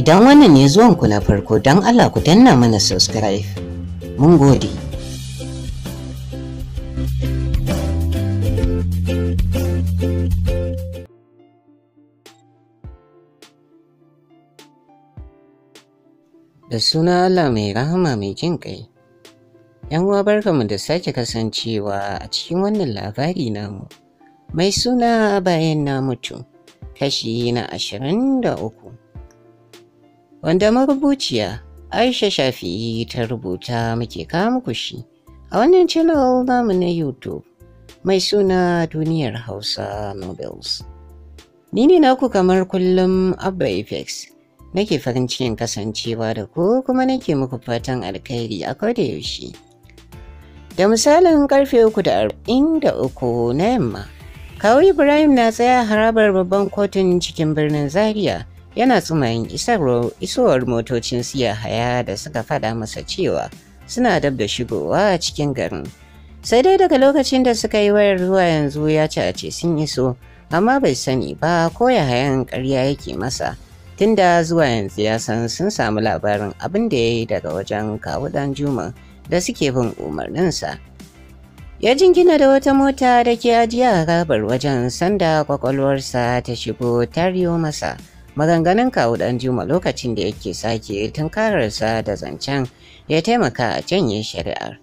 Idan wannan ne zuwan kula farko don Allah ku danna mana subscribe. Mun gode. Da suna Allah mai rahama mai jin kai ‘Yan uwa barkamu da sake kasancewa a cikin wannan labari namu. Mai suna bayan na mutu, kashi na ashirin da uku. wanda marubuciya Aisha Shafi'i ta rubuta muke kawo muku shi a wannan channel namu na YouTube mai suna Duniyar Hausa Novels. Ni ne naku kamar kullum Abba Apex nake farin cikin kasancewa da ku kuma nake muku fatan alkhairi a koda yaushe. Da misalin karfe uku da arba'in da uku na yamma, kawo Ibrahim na tsaya harabar babban kotun cikin birnin Zaria. yana tsumayin isowar motocin siya haya da suka faɗa masa cewa suna dab da shigowa cikin garin sai dai daga lokacin da suka yi wayar zuwa yanzu ya ci a ce sun iso amma bai sani ba ko ya hayan karya yake masa tunda zuwa yanzu ya san sun samu labarin abin da ya yi daga wajen kawu dan juma da suke bin umarninsa ya jingina da wata mota da ke ajiya a gabar wajen sanda kwakwalwarsa ta shigo ta tariyo masa Maganganun kawo ɗan Juma lokacin da yake sake tunkararsa da zancen ya taimaka a janye shari'ar.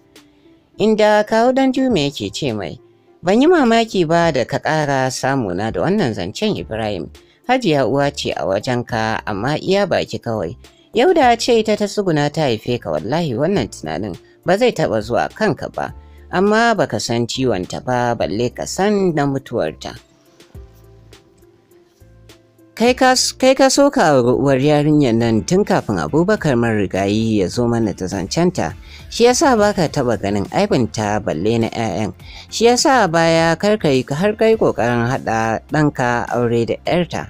Inda kawo ɗan Juma yake ce mai, ban yi mamaki ba da ka ƙara samuna da wannan zancen Ibrahim, hajiya uwa ce a wajenka amma iya baki kawai. Yau da ce ita ta tsuguna ta haife ka wallahi wannan tunanin ba zai taɓa zuwa kanka ba, amma baka san ciwon ta ba balle ka san na mutuwarta. kai ka so karuwar yarinyar nan tun kafin abubakar marigayi ya zo mana ta zancanta shi yasa ka taba ganin ta balle na 'ya'yan shi yasa baya karkai har kai kokarin haɗa ɗanka aure da 'yarta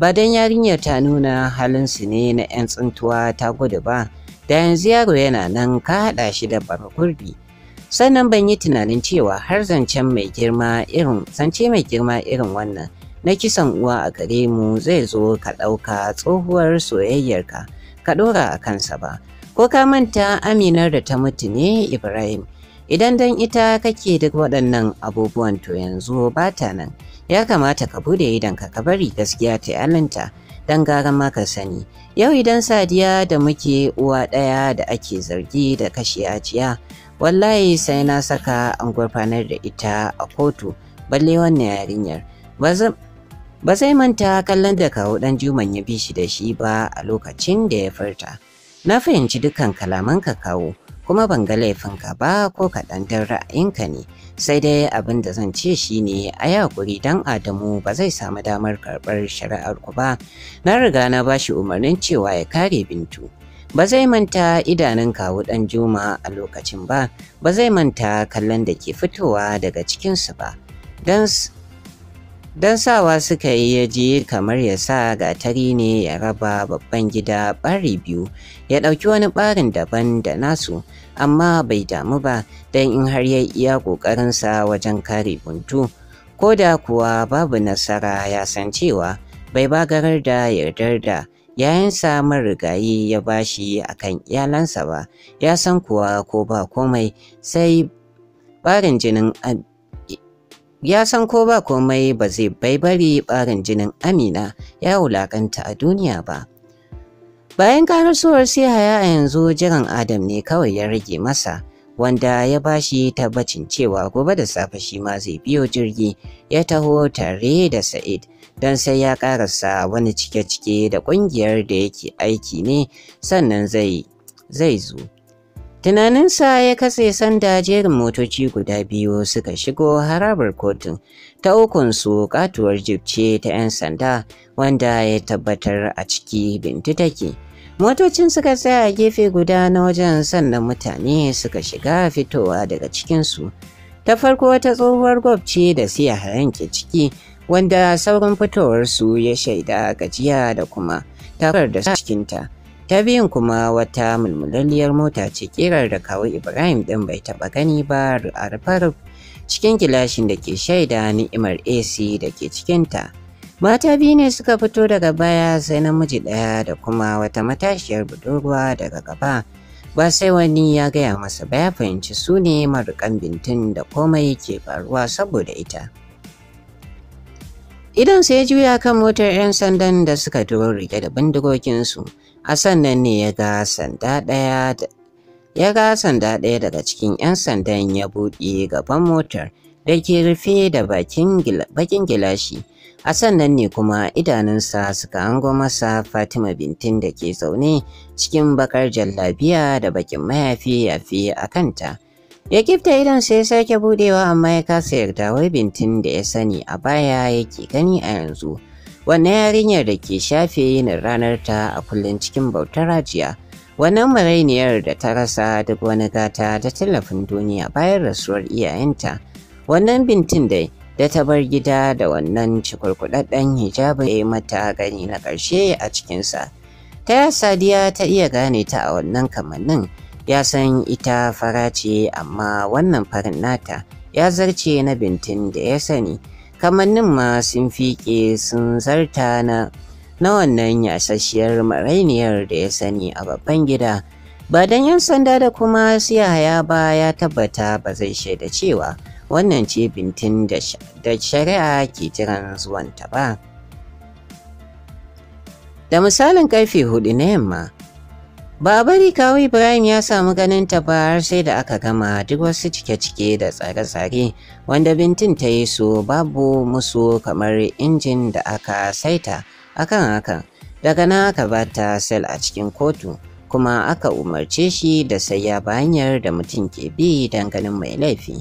ba don yarinyar ta nuna halin su ne na 'yan tsintuwa ta gudu ba da yanzu yaro yana nan ka haɗa shi da barkurbi sannan ban yi tunanin cewa har zancen mai girma irin zance mai girma irin wannan na kisan uwa a gare mu zai zo ka ɗauka tsohuwar soyayyarka ka ɗora a kansa ba ko ka manta aminar da ta mutu ne ibrahim idan dan ita kake duk waɗannan abubuwan to yanzu ba ta nan ya kamata ka bude idan ka ka bari gaskiya ta yalinta dan gara ma ka sani yau idan sadiya da muke uwa ɗaya da ake zargi da kashe ajiya wallahi sai na saka an gurfanar da ita a kotu balle wannan yarinyar Ba zai manta kallon da kawo ɗan juman ya bi shi da shi ba a lokacin da ya furta. Na fahimci dukkan kalaman ka kawo, kuma ban ga laifinka ba ko kaɗan don ra'ayinka ne, sai dai abin da zan ce shi ne a yakuri don Adamu ba zai samu damar karɓar shari'ar ku ba, na riga na ba shi umarnin cewa ya kare Bintu. ba zai manta idanun kawu dan juma a lokacin ba ba zai manta kallon da ke fitowa daga cikinsu ba don don sawa suka yi ya ji kamar ya sa gatari ne ya raba babban gida ɓari biyu ya ɗauki wani ɓarin daban da nasu amma bai damu ba don in har ya iya ƙoƙarinsa wajen kare buntu ko da kuwa babu nasara ya san cewa bai bagarar da yardar da yayansa rigayi ya bashi kan iyalansa ba ya san kuwa ko ba komai sai ɓarin jinin Ya san ko ba komai ba zai bai bari ɓarin jinin Amina ya wulakanta a duniya ba. Bayan karasuwar sai haya a yanzu jiran Adam ne kawai ya rage masa, wanda ya bashi tabbacin cewa gobe da safe shi ma zai biyo jirgi ya taho tare da Sa'id. don sai ya karasa wani cike-cike da ƙungiyar da yake aiki ne sannan zai zo Tunaninsa ya katse sanda jerin motoci guda biyu suka shigo harabar kotun, ta su katuwar jibce ta 'yan sanda wanda ya tabbatar a ciki bintu take. Motocin suka tsaya gefe guda na wajen sannan mutane suka shiga fitowa daga cikinsu. Ta farko wata tsohuwar gwabce da siya yanke ciki wanda saurin fitowarsu ya shaida gajiya da kuma takar da cikinta. ta biyun kuma wata mulmulalliyar mota ce kirar da kawo ibrahim ɗin bai taɓa gani ba a rufar cikin gilashin da ke shaida ni'imar ac da ke cikinta mata biyu ne suka fito daga baya sai namiji ɗaya da kuma wata matashiyar budurwa daga gaba ba sai wani ya gaya masa ba ya fahimci su ne marukan bintin da komai ke faruwa saboda ita idan sai juya kan motar 'yan sandan da suka turo rike da bindigoginsu A sannan ne ya ga sanda ɗaya da ya ga sanda ɗaya daga cikin 'yan sandan ya buɗe gaban motar da ke rufe da bakin gilashi. A sannan ne kuma idanunsa suka hango masa Fatima Bintin da ke zaune cikin bakar jallabiya da bakin mayafi yafi a kanta. Ya kifta idan sai sake buɗewa amma ya kasa yarda wai Bintin da ya sani a baya yake gani a yanzu. wannan yarinyar da ke shafe yin ranar ta a kullum cikin bautar rajiya wannan marainiyar da ta rasa duk wani gata da tallafin duniya bayan rasuwar iyayenta wannan bintin dai da ta bar gida da wannan cikurkuɗaɗɗen hijabi ya yi mata gani na ƙarshe a cikinsa ta ya sadiya ta iya gane ta a wannan kamannin ya san ita fara ce amma wannan farin nata ya zarce na bintin da ya sani kamannin ma sun fiƙe sun zarta na na wannan yasasshiyar marainiyar da ya sani a babban gida ba don yan sanda da kuma siyaya ba ya tabbata ba zai shaida cewa wannan ce bintin da shari'a ke jiran zuwanta ba da misalin karfe hudu na yamma Ba bari kawo Ibrahim ya samu ganin ta ba har sai da aka gama duk wasu cike-cike da tsare-tsare wanda bintin ta yi su babu musu kamar injin da aka saita akan hakan. Daga nan aka ba ta sel a cikin kotu kuma aka umarce shi da sai ya hanyar da mutum ke bi don ganin mai laifi.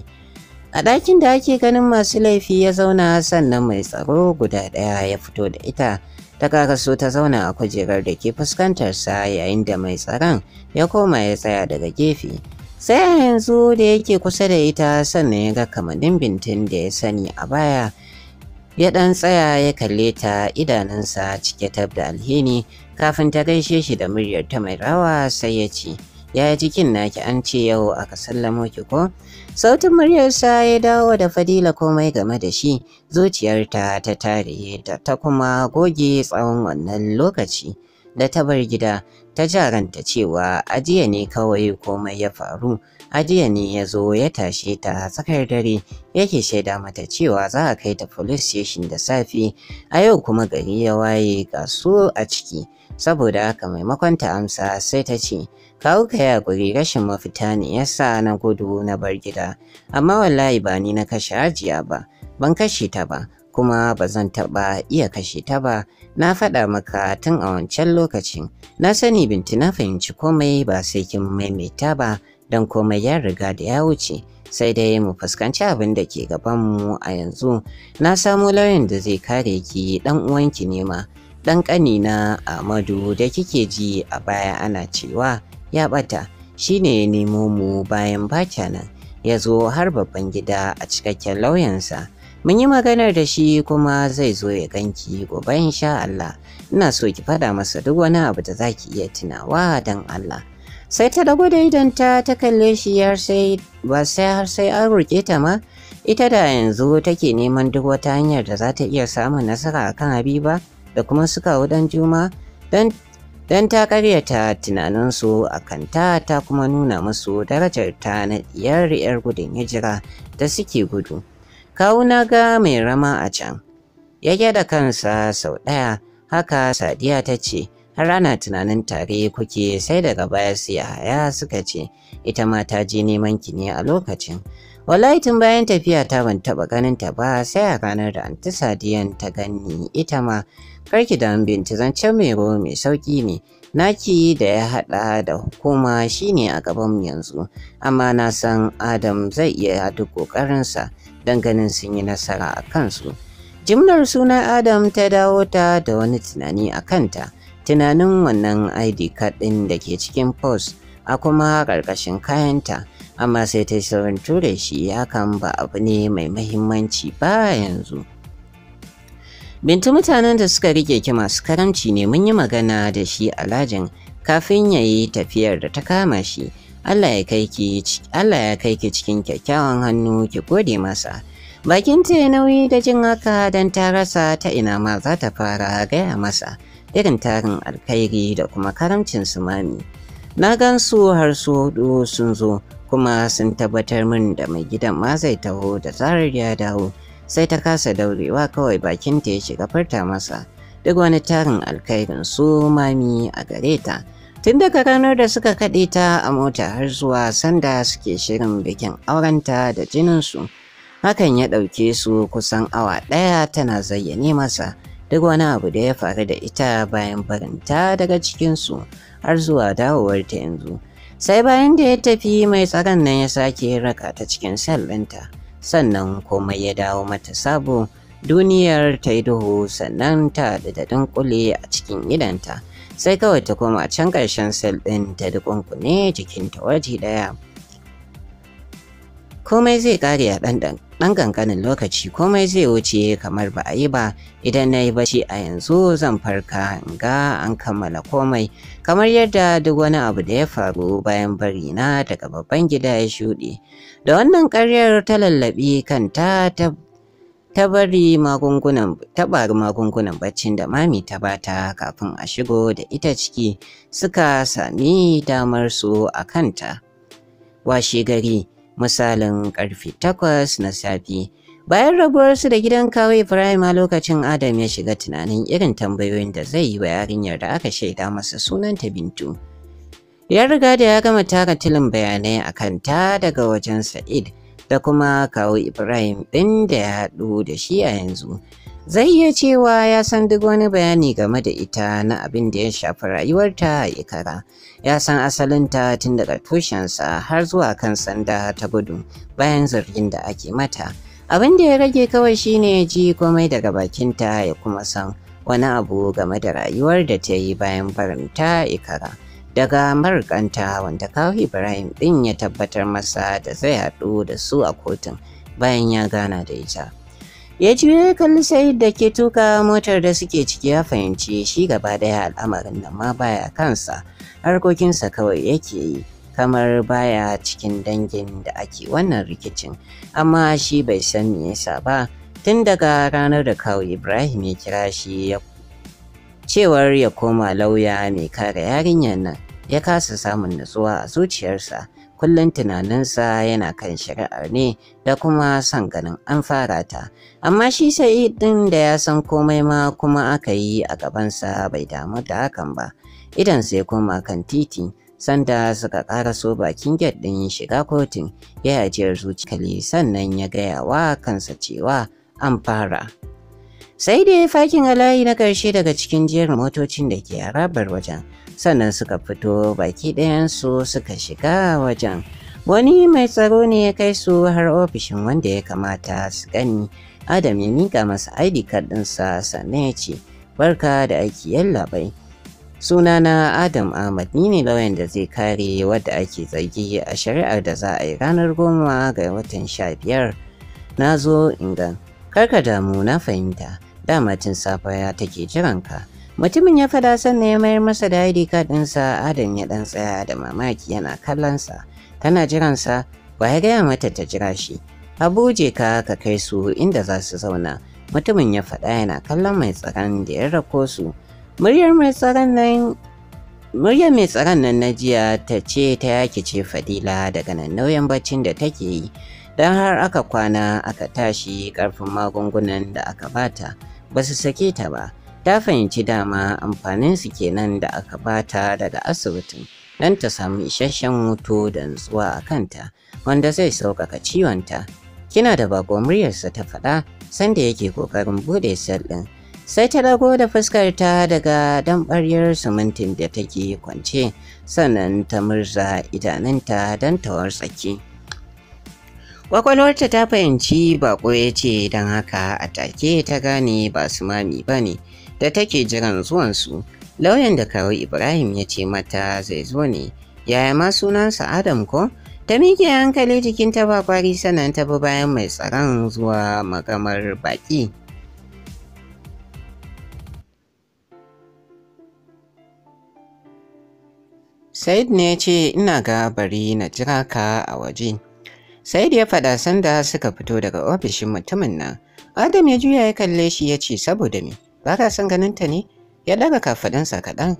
A ɗakin da ake ganin masu laifi ya zauna sannan mai tsaro guda ɗaya ya fito da ita. ta so ta zauna a kujerar da ke fuskantarsa yayin da mai tsaron ya koma ya tsaya daga gefe. Sai yanzu da yake kusa da ita sannan ya ga kamanin bintin da ya sani a baya. Ya ɗan tsaya ya kalle ta idanunsa cike tab da alhini kafin ta gaishe shi da muryar ta mai rawa sai ya ce. ya ji jikin naki an ce yau aka sallamo ki ko sautin muryarsa ya dawo da fadila komai game da shi zuciyarta ta tare ta kuma goge tsawon wannan lokaci da ta bar gida ta jaranta cewa ajiya ne kawai komai ya faru ajiya ne ya zo ya tashe ta tsakar dare yake shaida mata cewa za a kai ta police station da safe a yau kuma gari ya waye ga su a ciki saboda haka maimakon ta amsa sai ta ce kawo ka yi guri rashin mafita ne yasa na gudu na bar gida amma wallahi ba ni na kashe hajiya ba ban kashe ta ba kuma ba zan taɓa iya kashe ta ba na faɗa maka tun a wancan lokacin na sani binti na fahimci komai ba sai kin maimaita ba don komai ya riga da ya wuce sai dai mu fuskanci abin da ke gaban mu a yanzu na samo lauyan da zai kare ki dan uwanki ne ma ɗan ƙanina, na Amadu da kike ji a baya ana cewa ya ɓata shine ya nemo mu bayan bata nan ya zo har babban gida a cikakken lauyansa. Mun yi maganar da shi kuma zai zo ya ganki gobe insha Allah. Ina so ki faɗa masa duk wani abu da zaki iya tunawa dan Allah. Sai ta dago da idanta ta kalle shi har sai ba sai har sai an ruke ta ma ita da yanzu take neman duk wata hanyar da za ta iya samun nasara akan Habiba. da kuma suka wudan juma don ta karyata tunaninsu a kanta ta kuma nuna musu darajar ta na diyar yar gudun hijira da suke gudu. Kawu na ga mai rama a can. Ya da kansa sau ɗaya haka sadiya ta ce har ana tunanin tare kuke sai daga baya su yahaya suka ce ita ma ta je neman ki a lokacin Wallahi tun bayan tafiya ta ban taɓa ganin ta ba sai a ranar da anti Sadiyan ta gani ita ma karki da binti zancen mai ruwa mai sauki ne naki da ya haɗa da hukuma shine a gaban yanzu amma na san Adam zai iya duk ƙoƙarinsa don ganin sun yi nasara a kansu. Jimnar suna Adam ta dawo ta da wani tunani a kanta, tunanin wannan ID card ɗin da ke cikin post a kuma ƙarƙashin kayanta amma sai ta saurin ture shi hakan ba abu ne mai mahimmanci ba yanzu bintu mutanen da suka rike ki masu karamci ne mun yi magana da shi alhajin kafin ya yi tafiyar da ta kama shi Allah ya kai ki cikin kyakkyawan hannu ki gode masa bakin ta nauyi da jin haka don ta rasa ta ina ma za ta fara gaya masa irin tarin alkhairi da kuma karamcin su mami na gan su har su hudu sun zo kuma sun tabbatar min da mai gidan ma zai taho da zarar ya dawo sai ta kasa daurewa kawai bakinta ya shiga farta masa duk wani tarin alkairin su mami a gare ta tun daga ranar da suka kaɗe ta a mota har zuwa sanda suke shirin bikin aurenta da jininsu hakan ya ɗauke su kusan awa ɗaya tana zayyane masa duk wani abu da ya faru da ita bayan barinta daga cikinsu har zuwa dawowar ta yanzu sai bayan da ya tafi mai tsaron nan ya sake raka ta cikin sallinta sannan komai ya dawo mata sabo duniyar ta yi duhu sannan ta da dunkule a cikin idanta sai kawai ta koma can ƙarshen sel ɗin ta kunkune jikinta waje ɗaya. komai zai kare a ɗan ƙanƙanin lokaci komai zai wuce kamar ba a yi ba idan na yi shi a yanzu zan farka in ga an kammala komai kamar yadda duk wani abu da ya faru bayan bari na daga babban gida ya shuɗe da wannan karyar ta lallaɓi kanta ta ta magungunan ta magungunan baccin da mami ta bata kafin a shigo da ita ciki suka sami damar su a kanta washe gari misalin karfe takwas na safe. Bayan rabuwarsu da gidan kawai Ibrahim a lokacin Adam ya shiga tunanin irin tambayoyin da zai yi wa yarinyar da aka shaida masa sunanta Bintu. Ya riga da ya gama tara tilin bayanai a kanta daga wajen Sa'id da kuma kawo Ibrahim ɗin da ya haɗu da shi a yanzu. Zai iya cewa ya san duk wani bayani game da ita na abin da ya shafi rayuwarta a Ikara. ya san asalinta tun daga tushensa har zuwa kan sanda ta gudu bayan zargin da ake mata. Abin da ya rage kawai shine ya ji komai daga bakinta ya kuma san wani abu game da rayuwar da ta yi bayan barinta ikara. daga marganta wanda kawo Ibrahim din ya tabbatar masa da zai haɗu da su a kotun bayan ya gana da ita. Ya juyo kalli sai da ke tuka motar da suke ciki ya fahimci shi gaba daya al'amarin nan ma baya kansa harkokinsa kawai yake yi kamar baya cikin dangin da ake wannan rikicin amma shi bai san me yasa ba tun daga ranar da kawo ibrahim ya kira shi ya cewar ya koma lauya mai kare yarinyar nan ya kasa samun nutsuwa a zuciyarsa kullum tunaninsa yana kan shari'ar ne da kuma son ganin an fara ta amma shi sai din da ya san komai ma kuma aka yi a gabansa bai damu da hakan ba idan sai koma kan titi sanda suka karaso bakin gate ɗin shiga kotun ya ajiyar zuciyar sannan ya gaya wa kansa cewa an fara sai dai fakin alayi na ƙarshe daga cikin jerin motocin da ke harabar wajen sannan suka fito baki ɗayansu suka shiga wajen wani mai tsaro ne ya kai su har ofishin wanda ya kamata su gani adam ya mika masa id card ɗinsa sannan ya ce barka da aiki yallaɓai Sunana Adam Ahmad ni ne lauyan da zai kare wadda ake zargi a shari'ar da za a yi ranar goma ga watan sha biyar. Na zo ingan, karka damu na fahimta, dama tun safiya take jiran ka Mutumin ya fada sannan ya mayar masa da ID card ɗinsa Adam ya ɗan tsaya da mamaki yana kallonsa. Tana jiransa, ba ya gaya mata ta jira shi. Abuje ka ka kai su inda za su zauna. Mutumin ya faɗa yana kallon mai tsaron da ya rako su. Muryar mai tsaron nan na jiya ta ce ta yake ce Fadila daga nan nauyin baccin da take yi don har aka kwana aka tashi karfin magungunan da aka bata ba su sake ta ba ta fahimci dama amfanin su kenan da aka bata daga asibitin don ta samu isasshen hutu da nutsuwa a kanta wanda zai sauƙaƙa ciwonta kina da bakon muryarsa ta faɗa sanda yake ƙoƙarin buɗe sel ɗin sai ta dago da fuskar ta daga damɓaryar simintin da take kwance sannan ta murza idanunta don tawar tsaki. kwakwalwarta ta fahimci bako ya ce don haka a take ta gane ba su mami ba ne da take jiran zuwansu lauyan da kawo ibrahim ya ce mata zai zo ne yaya ma sunansa adam ko ta miƙe hankali jikinta ba kwari sannan ta bayan mai tsaron zuwa magamar baƙi. Said ne ya ce ina ga bari na jira ka a waje. Said ya faɗa sanda suka fito daga ofishin mutumin nan. Adam ya juya ya kalle shi ya ce saboda me ba ka san ganin ta ne? Ya daga kafaɗansa kaɗan.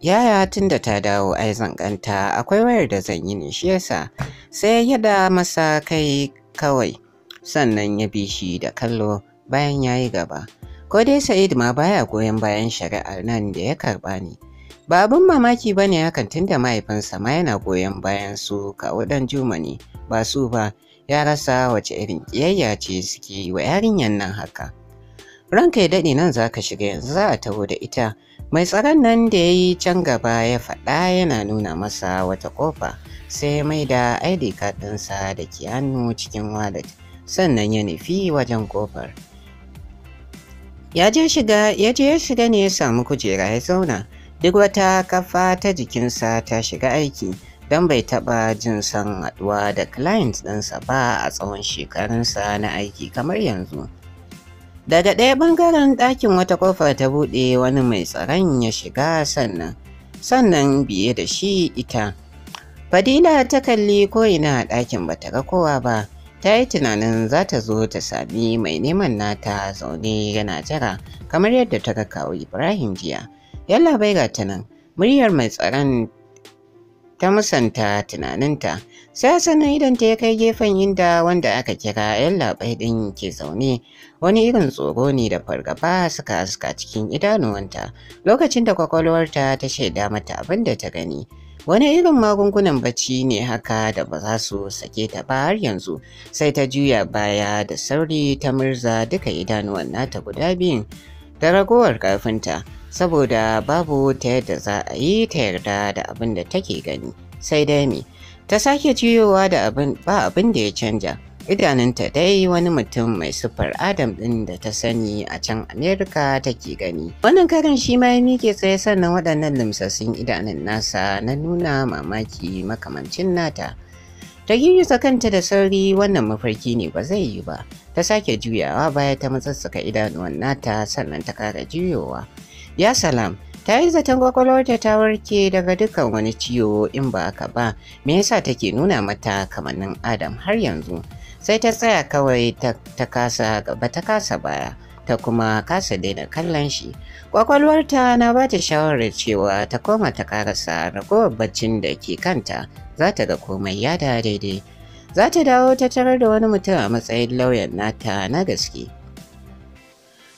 Yaya tun da ta dawo ai zankanta akwai wayar da zan yi ne shi yasa sai ya da masa kai kawai sannan ya bi shi da kallo bayan ya yi gaba. Ko dai Sa'id ma baya goyon bayan shari'ar nan da ya karɓa ni. Ba abin mamaki ba ne hakan tunda mahaifinsa ma yana goyon bayan su kawo ɗan juma ne, ba su ba ya rasa wace irin ƙiyayya ce suke yi wa yarinyar nan haka. Ranka ya daɗe nan za ka shiga yanzu za a taho da ita. Mai tsaron nan da ya yi can gaba ya faɗa yana nuna masa wata ƙofa sai mai da ID card ɗinsa da ke hannu cikin wallet sannan ya nufi wajen ƙofar. Ya je ya shiga ne ya samu kujera ya zauna. duk wata kafa ta jikinsa ta shiga aiki don bai taɓa jin son haduwa da client ɗinsa ba a tsawon shekarunsa na aiki kamar yanzu. Daga ɗaya ɓangaren ɗakin wata ƙofar ta buɗe wani mai tsaron ya shiga sannan, sannan biye da shi ita. Fadila ta kalli ko'ina a ɗakin bata ga kowa ba, ta yi tunanin za ta zo ta sami mai neman nata zaune yana jira kamar yadda ta ga kawo Ibrahim jiya. yalla bai ga ta nan muryar mai tsaron ta musanta tunaninta sai sanin idan ta ya kai gefen inda wanda aka kira Yalla bai din ke zaune wani irin tsoro ne da fargaba suka haska cikin idanuwanta lokacin da kwakwalwarta ta shaida mata abin da ta gani wani irin magungunan bacci ne haka da ba za su sake ta ba har yanzu sai ta juya baya da sauri ta murza duka idanuwan nata guda biyun da ragowar kafinta. saboda babu ta yadda za a yi ta yarda da abin da take gani sai dai me ta sake juyowa da abin ba abin da ya canja idanunta dai wani mutum mai siffar adam ɗin da ta sani a can amerika take gani wannan karin shi ma ya mike tsaye sannan waɗannan limsassun idanun nasa na nuna mamaki makamancin nata ta girgiza kanta da sauri wannan mafarki ne ba zai yi ba ta sake juyawa baya ta matsatsaka idanuwan nata sannan ta kara juyowa Ya salam, ta yi zaton kwakwalwarta ta warke daga dukkan wani ciwo in ba aka ba, me yasa take nuna mata kamannin Adam har yanzu. Sai ta tsaya kawai ta kasa ba ta kasa baya. ta kuma kasa daina kallon shi. Kwakwalwarta na ba ta shawarar cewa ta koma ta karasa ragowar baccin da ke kanta za ta ga komai ya da daidai. Za ta dawo ta tarar da wani mutum a matsayin lauyan nata na gaske.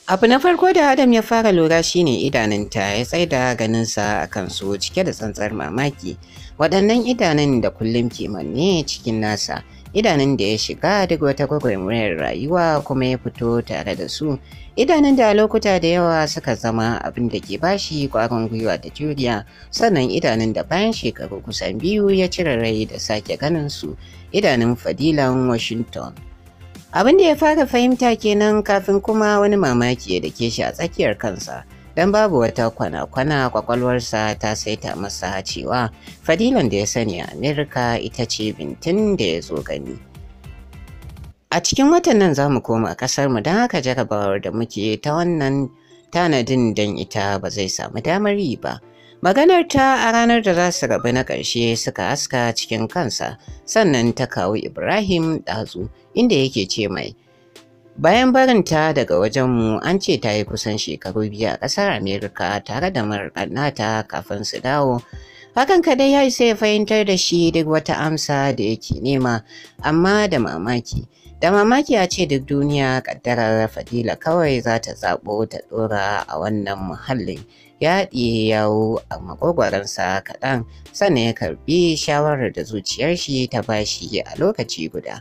Abu na farko da Adam ya fara lura shine idanunta ya tsaida ganinsa a kansu cike da tsantsar mamaki. Waɗannan idanun da kullum ke manne cikin nasa, idanun da ya shiga duk wata gwagwarmayar rayuwa kuma ya fito tare da su, idanun da lokuta da yawa suka zama abin da ke bashi ƙwarin gwiwa da juriya, sannan idanun da bayan shekaru kusan biyu ya cire rai da sake ganin su, idanun Fadilan Washington. Abin da ya fara fahimta kenan kafin kuma wani mamaki ya dake shi a tsakiyar kansa. don babu wata kwana-kwana kwakwalwarsa ta saita masa cewa fadilan da ya sani a Amerika ita ce bintin da ya zo gani. A cikin watan nan za mu koma ƙasarmu don haka jarabawar da muke ta wannan tanadin don ita ba zai samu damar yi ba. Maganar ta a ranar da za su rabu na ƙarshe suka haska cikin kansa, sannan ta kawo Ibrahim ɗazu inda yake ce mai, Bayan barinta daga wajenmu an ce ta yi kusan shekaru biyu a ƙasar Amerika tare da marƙannata kafin su dawo. Hakan kadai ya isa ya fahimtar da shi duk wata amsa da yake nema, amma da mamaki. Da mamaki a ce duk duniya ƙaddarar fadila kawai za ta zaɓo ta ɗora a wannan muhallin ya ɗiye yawo a makogwaronsa kaɗan sannan ya karɓi shawarar da zuciyar shi ta bashi a lokaci guda.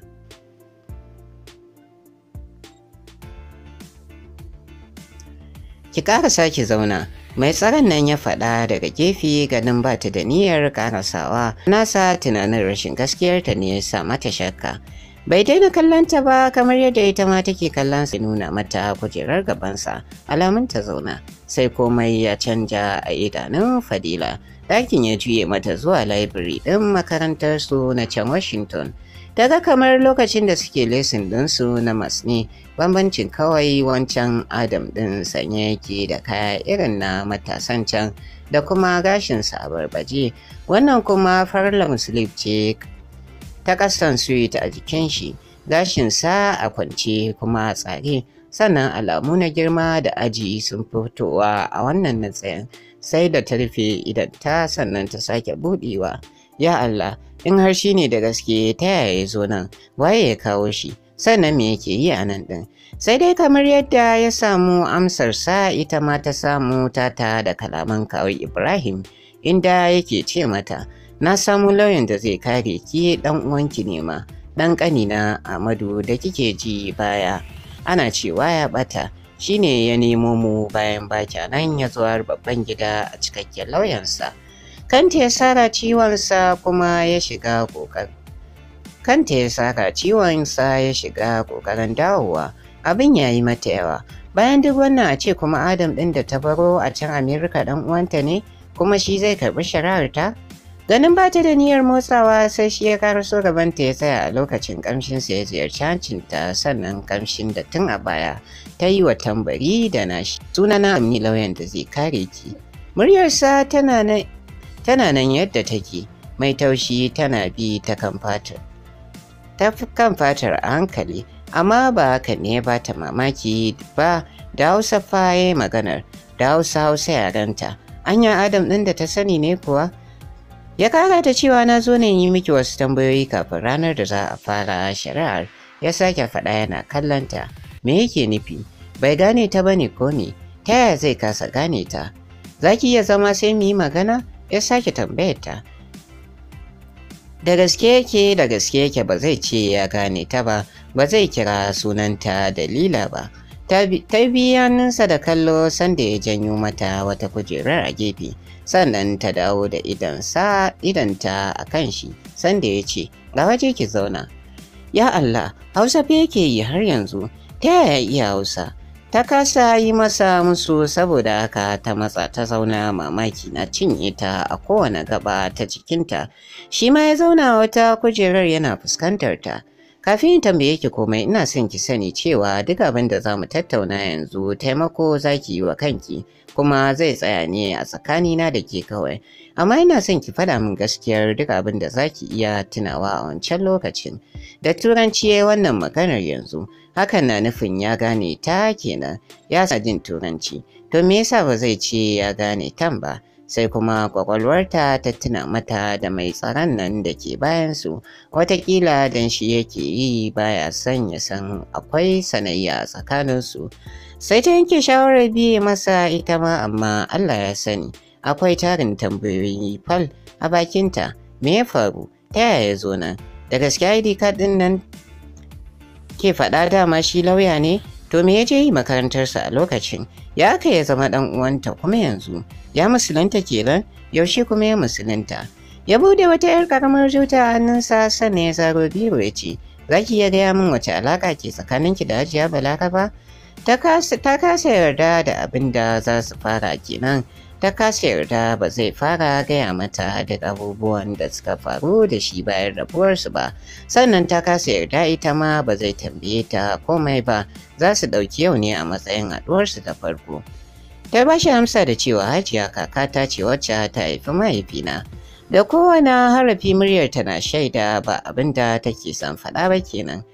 Ki ƙara sake zauna. Mai tsaron nan ya faɗa daga gefe ganin ba ta da niyyar ƙarasawa nasa tunanin rashin gaskiyarta ne ya sa mata shakka bai daina kallon ta ba kamar yadda ita ma take kallon su nuna mata kujerar gabansa alamun ta zauna sai komai ya canja a idanun fadila ɗakin ya juye mata zuwa library ɗin makarantar su na can washington ta ga kamar lokacin da suke lesin ɗinsu na masni bambancin kawai wancan adam ɗin sanye yake da kaya irin na matasan can da kuma gashin sa baje. wannan kuma farla musulif ce ta ƙasan suit a jikin shi gashin sa a kwance kuma a tsare sannan alamu na girma da aji sun fitowa a wannan natsayin sai da ta rufe idan ta sannan ta sake buɗewa ya Allah in har shi ne da gaske ta yaya zo nan waye ya kawo shi sannan me yake yi a nan ɗin sai dai kamar yadda ya samu amsar sa ita ma ta samu tata da kalaman kawai ibrahim inda yake ce mata na samu lauyan da zai kare ki dan uwanki ne ma dan kanina Ahmadu da kike ji baya ana cewa ya bata shine ya nemo mu bayan baki nan ya zo har babban gida a cikakken lauyansa kanta ya sara ciwonsa kuma ya shiga kokar kanta ya ciwon sa ya shiga kokarin dawowa abin yayi mata yawa bayan duk wannan a ce kuma adam ɗin da ta baro a can amerika dan uwanta ne kuma shi zai karɓi shari'ar Ganin ba ta da niyyar motsawa sai shi ya gaban gabanta ya tsaya a lokacin sa ya ziyarci hancinta sannan kamshin da tun a baya ta yi wa tambari da nashi. Sunana Amni lauyan da zai kare ki. Muryarsa tana nan yadda take mai taushi tana bi ta kan fatar. Ta kan fatar a hankali amma ba haka ne ba ta mamaki ba da Hausa fa ya yi maganar da Hausa Hausa ya ganta. Anya Adam ɗin da ta sani ne kuwa Ya kara cewa na zo ne yi miki wasu tambayoyi kafin ranar da za a fara shari'ar ya sake faɗa yana kallonta. Me yake nufi? Bai gane ta bane ko ne? Ta yaya zai kasa gane ta? Za ki iya zama sai mu yi magana? Ya sake tambayar ta. Da gaske yake da gaske yake ba zai ce ya gane ta ba, ba zai kira sunanta Dalila ba. ta bi hannunsa da kallo sanda ya janyo mata wata kujerar a gefe sannan ta dawo da idansa idanta a kan shi sanda ya ce ga waje ki zauna ya Allah hausa fi yake yi har yanzu ta yaya iya hausa ta kasa yi masa musu saboda haka ta matsa ta zauna mamaki na cinye ta a kowane gaba ta jikinta shi ma ya zauna wata kujerar yana fuskantar ta Kafin in tambaye ki komai ina son ki sani cewa duk abin da za mu tattauna yanzu taimako za ki yi wa kanki kuma zai tsaya ne a tsakanina da ke kawai. Amma ina son ki faɗa min gaskiyar duk abin da za ki iya tunawa a wancan lokacin. Da turanci ya wannan maganar yanzu, hakan na nufin ya gane ta kenan, ya sa jin turanci. To me yasa ba zai ce ya gane tan ba? sai kuma kwakwalwarta ta tuna mata da mai tsaron nan da ke bayansu watakila don shi yake yi baya son ya san akwai sanayya tsakaninsu sai ta yanke shawarar biye masa ita ma amma allah ya sani akwai tarin tambayoyi fal a bakinta me ya faru ta yaya zo nan da gaske id card nan ke faɗa dama shi lauya ne to me ya je yi makarantarsa a lokacin ya aka ya zama dan uwanta kuma yanzu ya musulunta kenan yaushe kuma ya musulunta ya bude wata yar karamar juta a hannunsa sannan ya zaro biyu ya ce za ki iya gaya min wace alaka ke tsakanin ki da hajiya balaraba ta kasa yarda da abinda da za su fara kenan ta kasa yarda ba zai fara gaya mata duk abubuwan da suka faru da shi bayan rabuwarsu ba sannan ta kasa yarda ita ma ba zai tambaye ta komai ba za su ɗauki yau ne a matsayin haɗuwarsu ta farko ta ba shi amsa da cewa hajiya kaka ta ce wacce ta haifi mahaifina da kowane harafi muryar ta na shaida ba abin da take son faɗa ba kenan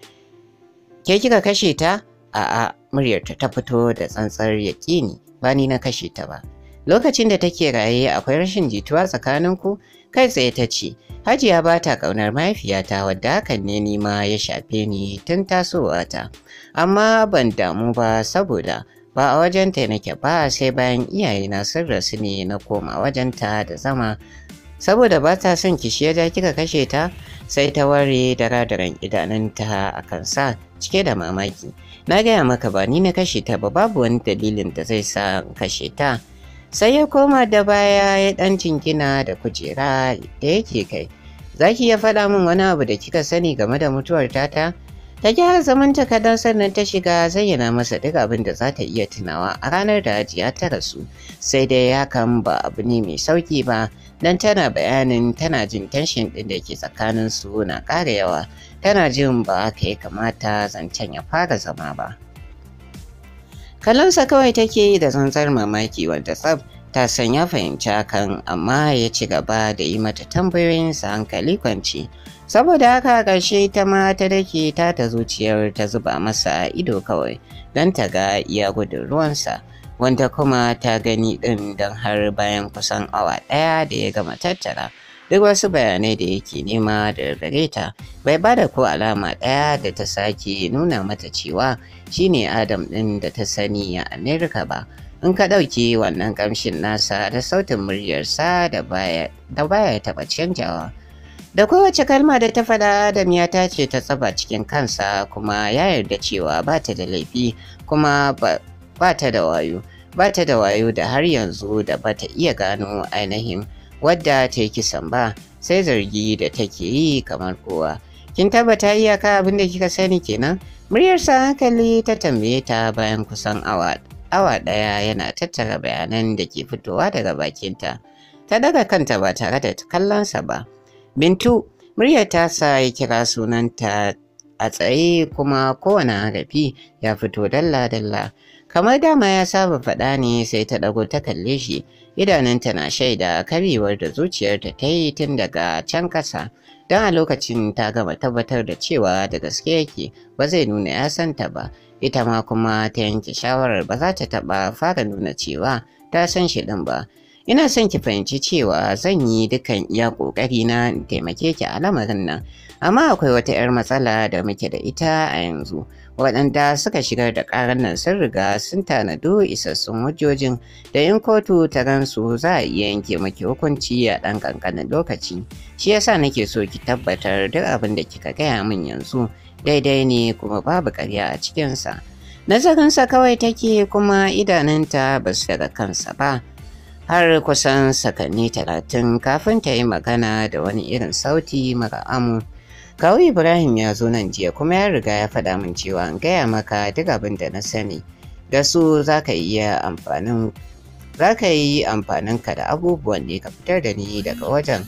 ke kika kashe ta a'a muryarta ta fito da tsantsar yaƙini ba ni na kashe ta ba lokacin da take raye akwai rashin jituwa tsakanin ku kai tsaye ta ce hajiya ba ta ƙaunar mahaifiyata wadda hakan ne nima ya shafe ni tun tasowa ta amma ban damu ba saboda ba a ta nake ba sai bayan iyaye na sun rasu ne na koma wajen ta da zama saboda ba ta son kishi ya kika kashe ta sai ta ware dara idanun idanunta a kan sa, cike da mamaki na gaya maka ba ni na kashe ta ba babu wani dalilin da zai sa kashe ta sai ya koma da baya ya ɗan jingina da kujera da yake kai za ki iya faɗa min wani abu da kika sani game da mutuwar tata ta gyara zaman takadan sannan ta shiga zayyana masa duk abin da za ta iya tunawa a ranar da hajiya ta rasu sai dai kan ba abu ne mai sauki ba dan tana bayanin tana jin tension ɗin da ke tsakanin su na ƙara yawa tana jin ba haka ya kamata zancen ya fara zama ba. Kallonsa kawai take yi da zanzar mamaki wadda tsab ta san ya fahimci hakan amma ya ci gaba da yi mata tambayoyin sa hankali kwanci. Saboda haka ƙarshe ta ma ta dake ta ta zuciyar ta zuba masa ido kawai don ta ga iya gudun ruwansa. Wanda kuma ta gani ɗin don har bayan kusan awa ɗaya da ya gama tattara. duk wasu bayanai da yake nema da gare ta bai bada ko alama ɗaya da ta sake nuna mata cewa shine adam ɗin da ta sani a amerika ba in ka ɗauki wannan ƙamshin nasa da sautin muryarsa da baya taɓa canjawa da kowace kalma da ta faɗa adam ya tace ta tsaba cikin kansa kuma ya yarda cewa ba ta da laifi kuma ba ta da wayo ba ta da wayo da har yanzu da ba ta iya gano ainihin wadda ta yi kisan ba sai zargi da take yi kamar kowa. Kin tabbata iyaka abin da kika sani kenan? Muryarsa hankali ta tambaye ta bayan kusan awa awa ɗaya yana tattara bayanan da ke fitowa daga bakinta. Ta daga kanta ba tare da kallonsa ba. Bintu, muryar ta sa ya kira sunanta a tsaye kuma kowane harafi ya fito dalla-dalla. Kamar dama ya saba faɗa ne sai ta ɗago ta kalle shi idanunta na shaida karewar da zuciyarta ta yi tun daga can ƙasa don a lokacin ta gama tabbatar da cewa da gaske yake ba zai nuna ya santa ba ita ma kuma ta yanke shawarar ba za ta taɓa fara nuna cewa ta san shi ɗin ba ina son ki fahimci cewa zan yi dukan iya ƙoƙari na taimake ki a lamarin nan amma akwai wata 'yar matsala da muke da ita a yanzu waɗanda suka shigar da ƙarar nan sun riga sun tanadu isassun hujjojin da in kotu ta gansu za a iya yanke maki hukunci a ɗan ƙanƙanin lokaci shi yasa nake so ki tabbatar duk abin da kika gaya min yanzu daidai ne kuma babu ƙarya a cikinsa nazarinsa kawai take kuma idanunta ba su daga kansa ba har kusan sakanni talatin kafin ta yi magana da wani irin sauti mara amu. Kawu Ibrahim ya zo nan jiya kuma ya riga ya faɗa min cewa in gaya maka duk abin da na sani da su za ka iya amfanin ka yi amfaninka da abubuwan ne ka fitar da ni daga wajen.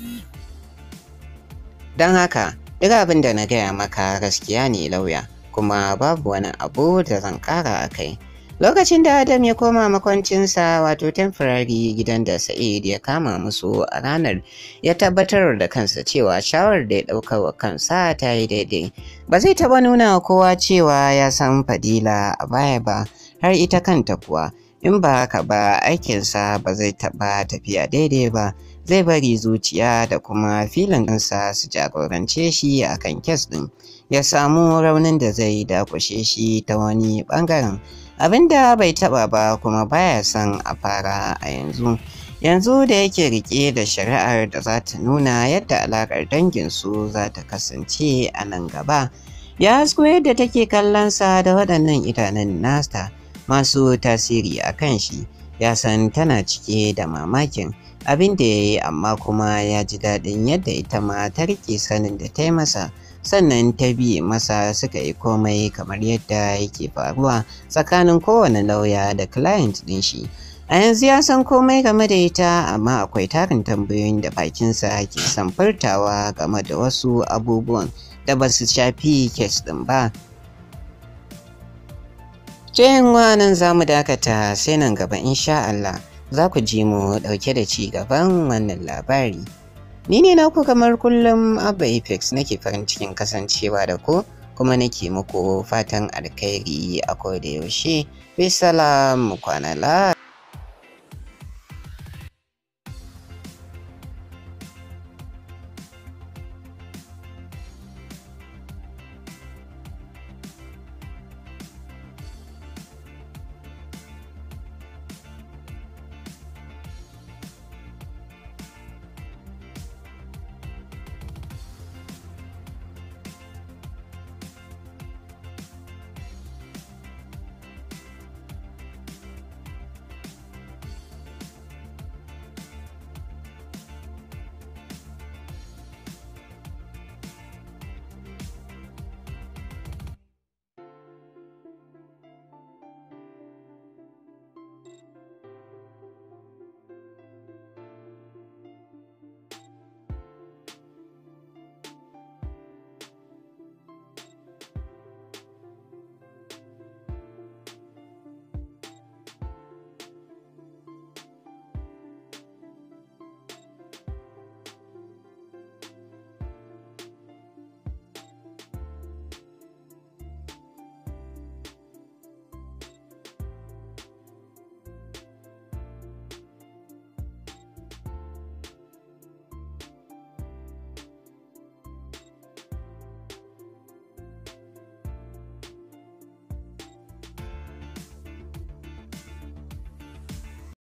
Don haka duk abin da na gaya maka gaskiya ne lauya kuma babu wani abu da zan ƙara a kai. Lokacin da Adam ya koma makwancinsa wato temporary gidan da Sa'id ya kama musu a ranar ya tabbatar da kansa cewa shawar da ya ɗauka wa kansa ta yi daidai. Ba zai taɓa nuna wa kowa cewa ya san fadila a baya ba har ita kanta kuwa. In ba haka ba aikinsa ba zai taɓa tafiya daidai ba. Zai bari zuciya da kuma filin ɗinsa su jagorance shi a kan kes ɗin. Ya samu raunin da zai dakushe shi ta wani ɓangaren. abin da bai taɓa ba kuma baya son a fara a yanzu yanzu da yake rike da shari'ar da za ta nuna yadda alaƙar danginsu za ta kasance a nan gaba ya hasko yadda take kallon sa da waɗannan idanun nasta masu tasiri a kan shi ya san tana cike da mamakin abin da ya yi amma kuma ya ji daɗin yadda ita ma ta rike sanin da ta yi masa sannan ta bi masa suka yi komai kamar yadda yake faruwa tsakanin kowane lauya da client din shi. A yanzu ya san komai game da ita amma akwai tarin tambayoyin da bakinsa ke samfurtawa game da wasu abubuwan da ba su shafi kes ɗin ba. Cikin nan za mu dakata sai nan gaba insha Allah za ku ji mu ɗauke da ci gaban wannan labari. Ni ne naku kamar kullum Abba Apex nake farin cikin kasancewa da ku kuma nake muku fatan alkhairi a koda yaushe. Bisalam kwana